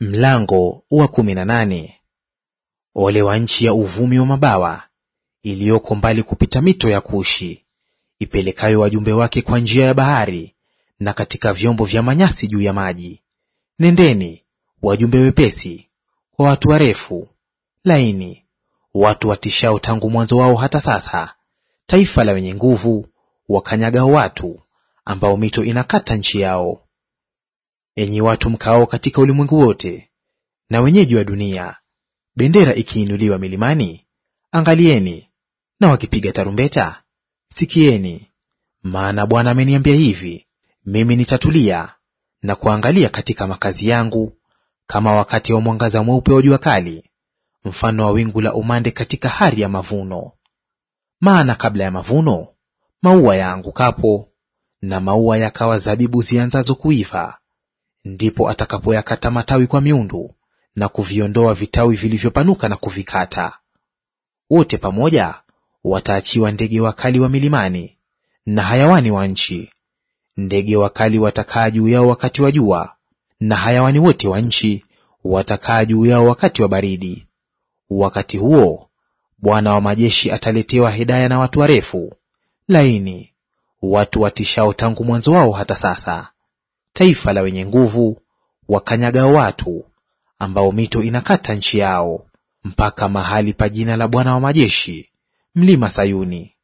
Mlango wa kumi na nane. Ole wa nchi ya uvumi wa mabawa iliyoko mbali kupita mito ya Kushi, ipelekayo wajumbe wake kwa njia ya bahari na katika vyombo vya manyasi juu ya maji. Nendeni wajumbe wepesi, kwa watu warefu laini, watu watishao tangu mwanzo wao hata sasa, taifa la wenye nguvu wakanyagao watu, ambao mito inakata nchi yao enyi watu mkaao katika ulimwengu wote na wenyeji wa dunia, bendera ikiinuliwa milimani, angalieni; na wakipiga tarumbeta, sikieni. Maana Bwana ameniambia hivi, mimi nitatulia na kuangalia katika makazi yangu, kama wakati wa mwangaza mweupe wa jua kali, mfano wa wingu la umande katika hari ya mavuno. Maana kabla ya mavuno maua yaangukapo na maua yakawa zabibu zianzazo kuiva ndipo atakapoyakata matawi kwa miundu na kuviondoa vitawi vilivyopanuka na kuvikata. Wote pamoja wataachiwa ndege wakali wa milimani na hayawani wa nchi, ndege wakali watakaa juu yao wakati wa jua, na hayawani wote wa nchi watakaa juu yao wakati wa baridi. Wakati huo Bwana wa majeshi ataletewa hidaya na watu warefu laini, watu watishao tangu mwanzo wao hata sasa taifa la wenye nguvu wakanyaga watu, ambao mito inakata nchi yao, mpaka mahali pa jina la Bwana wa majeshi, mlima Sayuni.